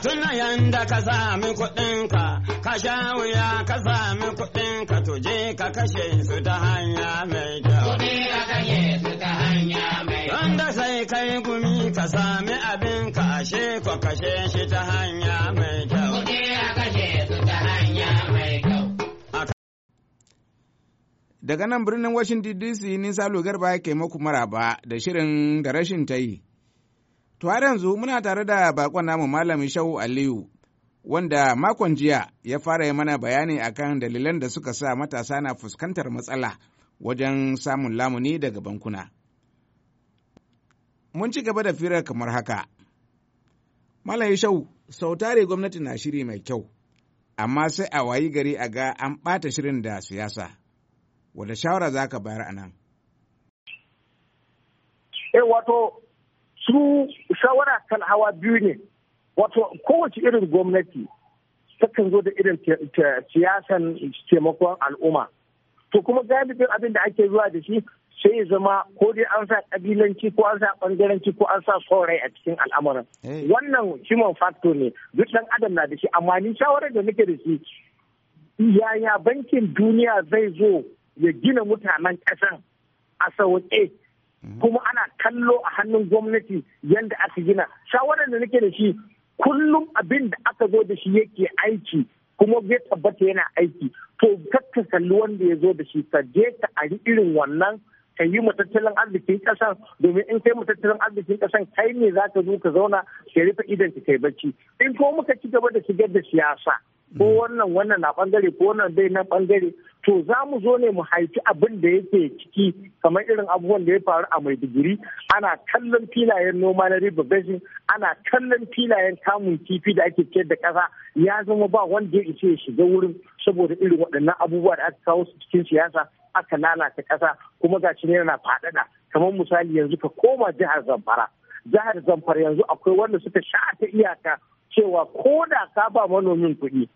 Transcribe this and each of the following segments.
ka tuna yanda ka sami kuɗinka, ka sha wuya ka sami kuɗinka tuje ka kashe su ta hanya mai kyau. ka kashe su ta hanya mai kyau. Wanda sai kai gumi ka sami abin ka ashe ko kashe shi ta hanya mai kyau. ka kashe su ta hanya mai kyau. Daga nan birnin Washington DC nisa logar ba ke muku maraba da shirin da rashin ta yi. To har yanzu muna tare da bakon namu Malam Shehu Aliyu wanda makon jiya ya fara yi mana bayani akan dalilan da suka sa matasa na fuskantar matsala wajen samun lamuni daga bankuna. Mun ci gaba da fira kamar haka. Malam Shau, sau tare gwamnati na shiri mai kyau. amma sai a wayi gari a ga an ɓata shirin da siyasa. Wada shawara za ka bayar a nan? Eh wato su shawara kan hawa biyu ne wato kowace irin gwamnati takan zo da irin siyasan taimakon al'umma to kuma galibin abin da ake zuwa da shi sai ya zama ko dai an sa kabilanci ko an sa bangaranci ko an sa tsorai a cikin al'amuran eh. wannan human factor ne duk dan adam na da shi amma ni shawarar da nake da shi yaya bankin duniya zai zo ya gina mutanen ƙasan a sauƙe Mhm. kuma ana kallo a hannun gwamnati yadda aka gina shawarar da nake da shi kullum abin da aka zo da shi yake aiki kuma zai tabbata yana aiki to kakka kalli wanda ya zo da shi ka je ka ari irin wannan ka yi matattalin tattalin arzikin kasan domin in kai mu tattalin arzikin kasan kai ne za ka zo ka zauna ka rufe idan ka kai bacci in ko muka ci gaba da shigar da siyasa ko wannan wannan na bangare ko wannan dai na bangare to za mu zo ne mu haifi abin da yake ciki kamar irin abubuwan da ya faru a mai digiri ana kallon filayen noma na river basin ana kallon filayen kamun kifi da ake ciyar da kasa ya zama ba wanda ya ishe ya shiga wurin saboda irin waɗannan abubuwa da aka kawo su cikin siyasa aka lalata kasa kuma ga shi yana faɗaɗa kamar misali yanzu ka koma jihar zamfara jihar zamfara yanzu akwai wanda suka sha ta iyaka cewa ko da ka ba manomin kuɗi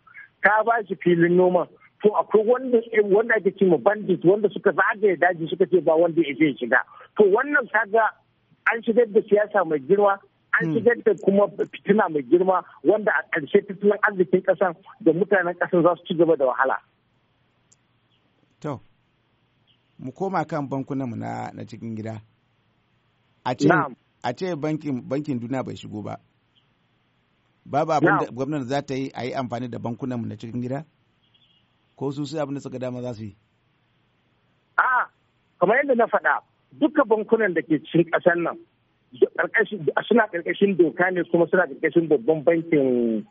ta ba shi filin noma to akwai wanda wanda ake cewa bandit wanda suka zagaye daji suka ce ba wanda ya zai shiga to wannan kaga an shigar da siyasa mai girma an hmm. shigar da kuma fitina mai girma wanda a ƙarshe fitinan arzikin ƙasar da mutanen ƙasar za su ci gaba da wahala. To, mu koma kan mu na cikin gida. A ce bankin duniya bai shigo ba. babu abin da gwamnati za ta yi a yi amfani da bankunan mu na cikin gida ko su sai abin da suka dama za su yi a kamar yadda na faɗa duka bankunan da ke cikin ƙasar nan suna ƙarƙashin doka ne kuma suna ƙarƙashin babban bankin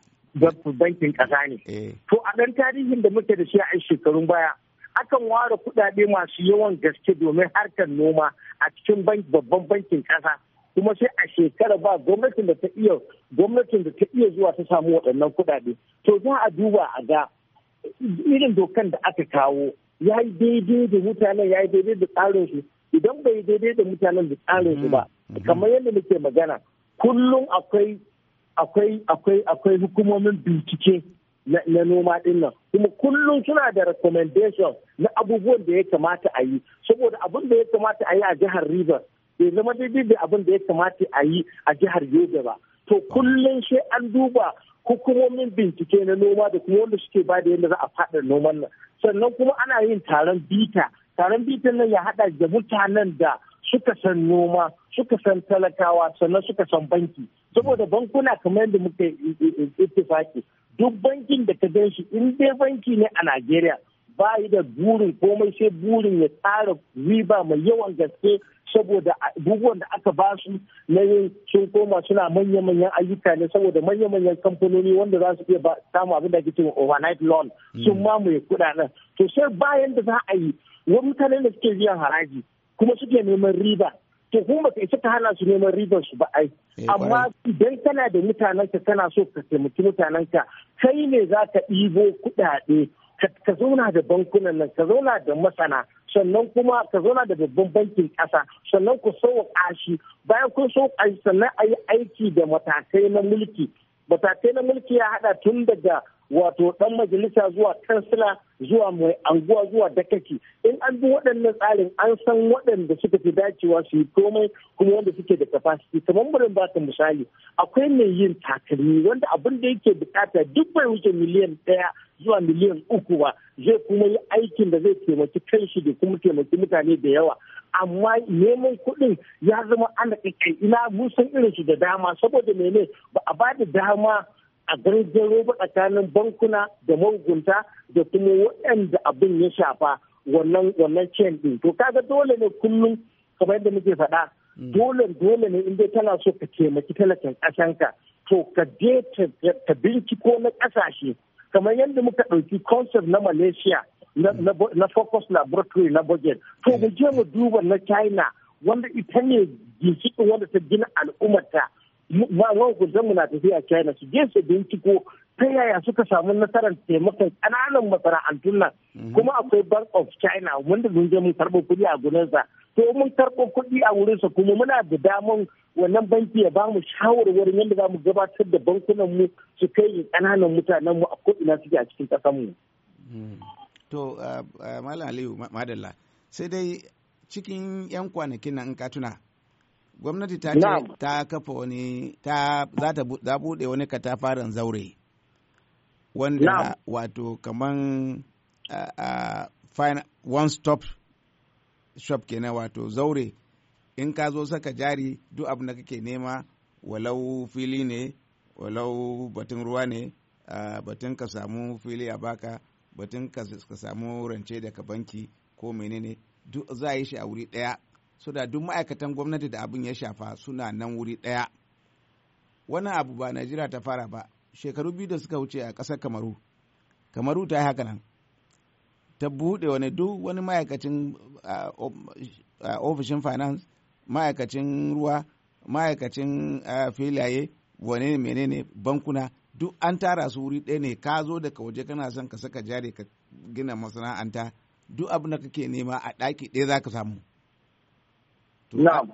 bankin ƙasa ne eh. to a ɗan tarihin da muke da shi a shekarun baya akan ware kuɗaɗe masu yawan gaske domin harkar noma a cikin babban bankin ƙasa kuma sai a shekara ba gwamnatin da ta iya gwamnatin da ta iya zuwa ta samu waɗannan kuɗaɗe to za a duba a ga irin dokan da aka kawo ya yi daidai da mutanen ya yi daidai da tsarin su idan bai daidai da mutanen da tsarin su ba mm-hmm. kamar yadda nake magana kullum akwai akwai akwai akwai hukumomin bincike na noma din nan kuma kullum suna da recommendation na abubuwan da ya kamata a yi saboda abin da ya kamata a yi a jihar Rivers bai zama daidai da abin da ya kamata a yi a jihar Yobe ba. To kullum sai an duba hukumomin bincike na noma da kuma wanda suke ba da yadda za a faɗa noman nan. Sannan kuma ana yin taron bita. Taron bita nan ya haɗa da mutanen da suka san noma, suka san talakawa, sannan suka san banki. Saboda bankuna kamar yadda muka ittifaki. Duk bankin da ka gan shi in dai banki ne a Najeriya ba yi da burin komai sai burin ya tsara riba mai yawan gaske saboda abubuwan da aka ba su na yin sun koma suna manya-manyan ayyuka ne saboda manya-manyan kamfanoni wanda za su iya samu abin da ake cewa overnight loan sun hmm. mamaye kudaden to sai bayan da za a yi wa mutanen da suke biyan haraji kuma suke neman riba to kuma baka isa ka hana su neman riban su ba ai eh, amma idan kana da mutanenka kana so ka taimaki mutanenka kai ne za ka ɗibo kuɗaɗe ka zauna da bankunan nan ka zauna da masana sannan kuma ka zauna da babban bankin ƙasa sannan ku sauwa ƙashi bayan kun so sannan a yi aiki da matakai na mulki matakai na mulki ya haɗa tun daga wato dan majalisa zuwa kansila zuwa mai anguwa zuwa dakaki in an bi waɗannan tsarin an san waɗanda suka fi dacewa su yi komai kuma wanda suke da capacity kamar murin ba ta misali akwai mai yin takalmi wanda abin da yake bukata duk bai wuce miliyan ɗaya zuwa miliyan uku ba zai kuma yi aikin da zai taimaki kanshi da kuma taimaki mutane da yawa amma neman kuɗin ya zama ana ina mun san irin su da dama saboda mene ba a ba da dama a garjen roba tsakanin bankuna da mahukunta da kuma waɗanda abin ya shafa wannan wannan chain din to kaga dole ne kullum kamar yadda muke faɗa mm. dole dole ne in dai tana so ka taimaki talakin ƙasanka to ka je ta binciko na ƙasashe kamar yadda muka ɗauki concept na malaysia na focus laboratory na budget to mu je mu duba na china wanda ita ne ginshiƙin wanda ta gina al'ummarta mahukuntan mu na tafiya China su je su binciko ta yaya suka samu nasarar taimakon ƙananan masana'antun nan mhm. kuma akwai bank of china wanda mun je mun karɓo kuɗi a gurinsa to mun karɓo kuɗi a wurinsa kuma muna da daman wannan banki ya bamu shawarwarin yadda za mu gabatar da bankunan mu su kai ƙananan mutanen mu a ko'ina suke a cikin ƙasar mu. Hmm. to uh, uh, malam aliyu madalla sai dai cikin yan kwanakin nan in ka tuna gwamnati ta ce ta kafa wani ta za ta bude wani katafaren zaure wanda wato kaman one stop shop kenan wato zaure in ka zo saka jari duk abin da kake nema walau fili ne walau batun ruwa ne batun ka samu fili a baka batun ka samu rance daga banki ko menene duk za a yi shi a wuri daya so da duk ma'aikatan gwamnati da abin ya shafa suna nan wuri ɗaya wannan abu ba najeriya ta fara ba shekaru biyu da suka wuce a ƙasar kamaru kamaru ta yi haka nan ta buɗe wani duk wani ma'aikacin uh, uh, ofishin finance ma'aikacin ruwa ma'aikacin uh, filaye wane menene bankuna duk an tara su wuri ɗaya ne ka zo daga waje kana son ka saka jari ka gina masana'anta duk abin da kake nema a ɗaki ɗaya za ka samu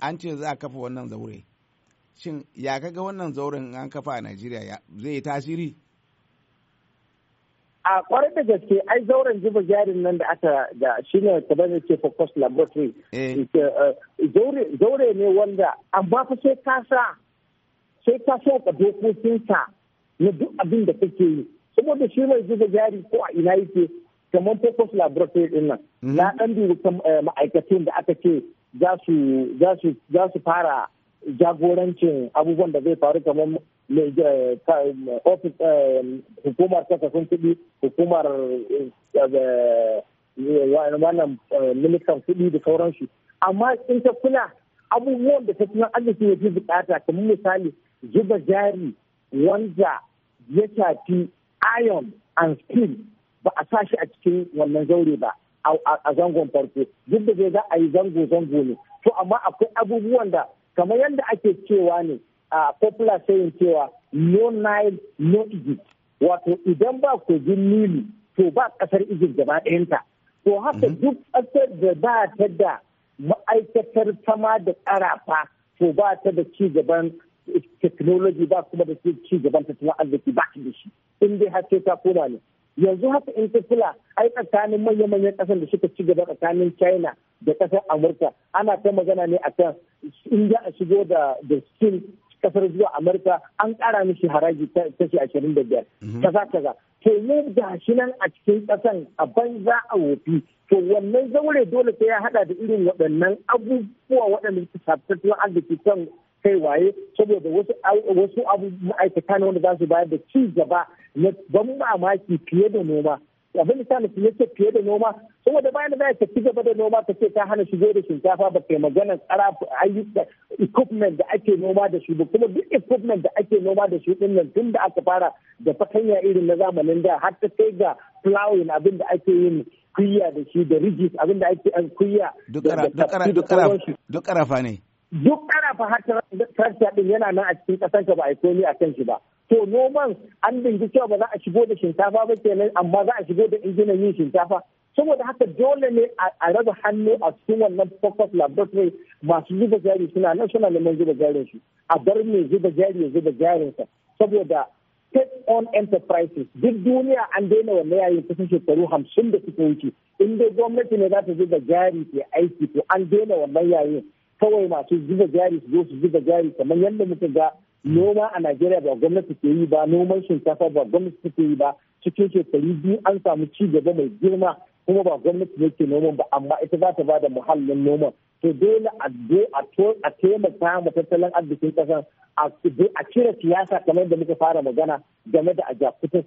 an ce za a kafa wannan zaure shin ya kaga wannan zauren an kafa a najeriya zai yi tasiri a kwarar da gaske ai zauren zuba jarin nan da aka da shi ne kamar bane eh. ke focus eh, laboratory zaure ne wanda amma fa sai ka sa sai ka sauka na duk abin da kake yi saboda shi mai zuba jari ko a ina yake kamar focus laboratory din nan mm-hmm. na ɗan dubi eh, ma'aikatan da aka ce za su fara jagorancin abubuwan da zai faru kamar eh, eh, eh, hukumar kasafin kuɗi hukumar wannan ministan kuɗi da sauransu amma in ta kula abubuwan da tattalin arziki ya fi bukata kamar misali zuba jari wanda ya shafi iron and steel ba a sa shi a cikin wannan zaure ba a zangon farko duk da zai za a yi zango zango ne to amma akwai abubuwan da kamar yadda ake cewa ne a popular saying cewa no nile no egypt wato idan ba kogin nilu to ba kasar egypt gaba ɗayanta to haka mhm. duk ƙasar da ba ta da ma'aikatar sama da ƙarafa to ba ta da ci gaban technology ba kuma da ci gaban tattalin arziki ba ta da shi in dai har sai ta koma ne yanzu haka in ta kula ai tsakanin manya-manyan ƙasar da suka ci gaba tsakanin china da ƙasar amurka ana ta magana ne a in za a shigo da da skin kasar zuwa amurka an ƙara mishi haraji kashi ashirin da biyar mhm. kasa kaza to ne ga shi nan a cikin ƙasan a banza a wofi to wannan zaure dole sai ya hada da irin waɗannan abubuwa waɗanda suka shafi tattalin arziki kan kai waye saboda wasu wasu abu ma'aikata ne wanda za su bayar da ci gaba na ban mamaki fiye da noma abin da sani ya ce fiye da noma saboda bayan da za ta ci gaba da noma ta ce ta hana shigo da shinkafa ba ta magana tsara ayyuka equipment da ake noma da shi ba kuma duk equipment da ake noma da shi din nan tun da aka fara da fatanya irin na zamanin da har ta kai ga plowing abin da ake yin kuyya da shi da rigis abin da ake an eh, kuyya duk karafa ne duk ana fahimtar tarsha din yana nan a cikin kasan ba a komi a kan shi ba to noman an dingi cewa ba za a shigo da shinkafa ba kenan amma za a shigo da injinan yin shinkafa saboda haka dole ne a raba hannu a cikin wannan focus laboratory masu zuba jari suna nan suna neman zuba jarin su a bar mai zuba jari ya zuba sa saboda take on enterprises duk duniya an daina wannan yayin kusan shekaru hamsin da suka wuce in dai gwamnati ne za ta zuba jari ke aiki to an daina wannan yayin kawai masu zuba jari su zo su zuba jari kamar yadda muka ga noma a Najeriya ba gwamnati ke yi ba noman shinkafa ba gwamnati take yi ba cikin shekaru biyu an samu ci gaba mai girma kuma ba gwamnati ne ke noman ba amma ita za ta bada muhallin noman to dole a zo a taimaka ma tattalin arzikin kasar a cire siyasa kamar da muka fara magana game da ajakutar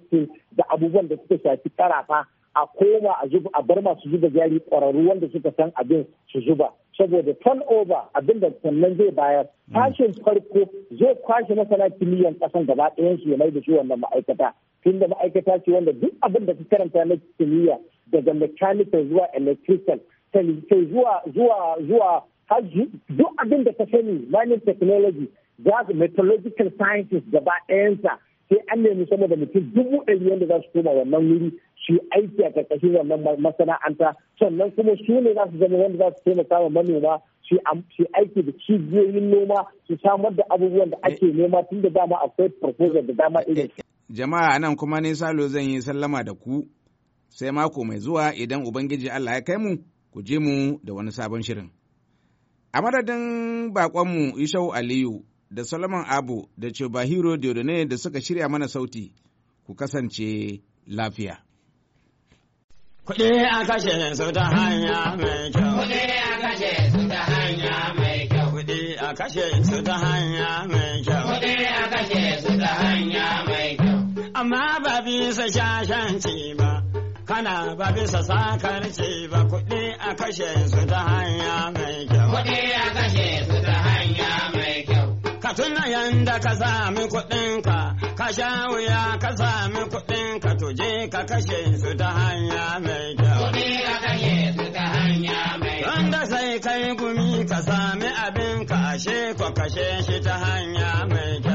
da abubuwan da suka shafi karafa a koma a bar masu zuba jari ƙwararru wanda suka san abin su zuba saboda turnover abin da sannan zai bayar kashin mm. farko zai kwashe masana kimiyyan kasan gaba ɗayan su ya mai da shi wannan ma'aikata tun da ma'aikata ce wanda duk abin da ta karanta na kimiyya daga mechanical zuwa electrical sai zuwa zuwa zuwa hajji duk abin da ta sani mining technology za su metallurgical sciences gaba ɗayansa sai an nemi sama da mutum dubu ɗari wanda za su koma wannan wuri su aiki a ƙarƙashin wannan masana'anta sannan kuma su ne za su zama wanda za su taimaka wa manoma su aiki da cibiyoyin noma su samar da abubuwan da ake nema tun da dama akwai proposal da dama irin. Jama'a anan kuma ne salo zan yi sallama da ku sai mako mai zuwa idan Ubangiji Allah ya kai mu ku je mu da wani sabon shirin. A madadin baƙonmu Ishau Aliyu da Solomon Abu da Chobahiro Diodone da suka shirya mana sauti, ku kasance lafiya. Kuɗi a kashe su ta hanya mai kyau. Kuɗi a kashe su ta hanya mai kyau. Kuɗi a kashe su ta hanya mai kyau. Kuɗi a kashe su ta hanya mai kyau. Amma ba bisa shashanci ba, kana ba bisa sakarci ba. Kuɗi a kashe su ta hanya mai kyau. Kuɗi a kashe su ta hanya mai kyau. Ka tuna yanda ka sami kuɗinka. sha wuya ka sami kuɗin ka tuje ka kashe su ta hanya mai kyau. Kuɗi ka kashe su ta hanya mai kyau. Wanda sai kai gumi ka sami abin ka ashe ka kashe shi ta hanya mai kyau.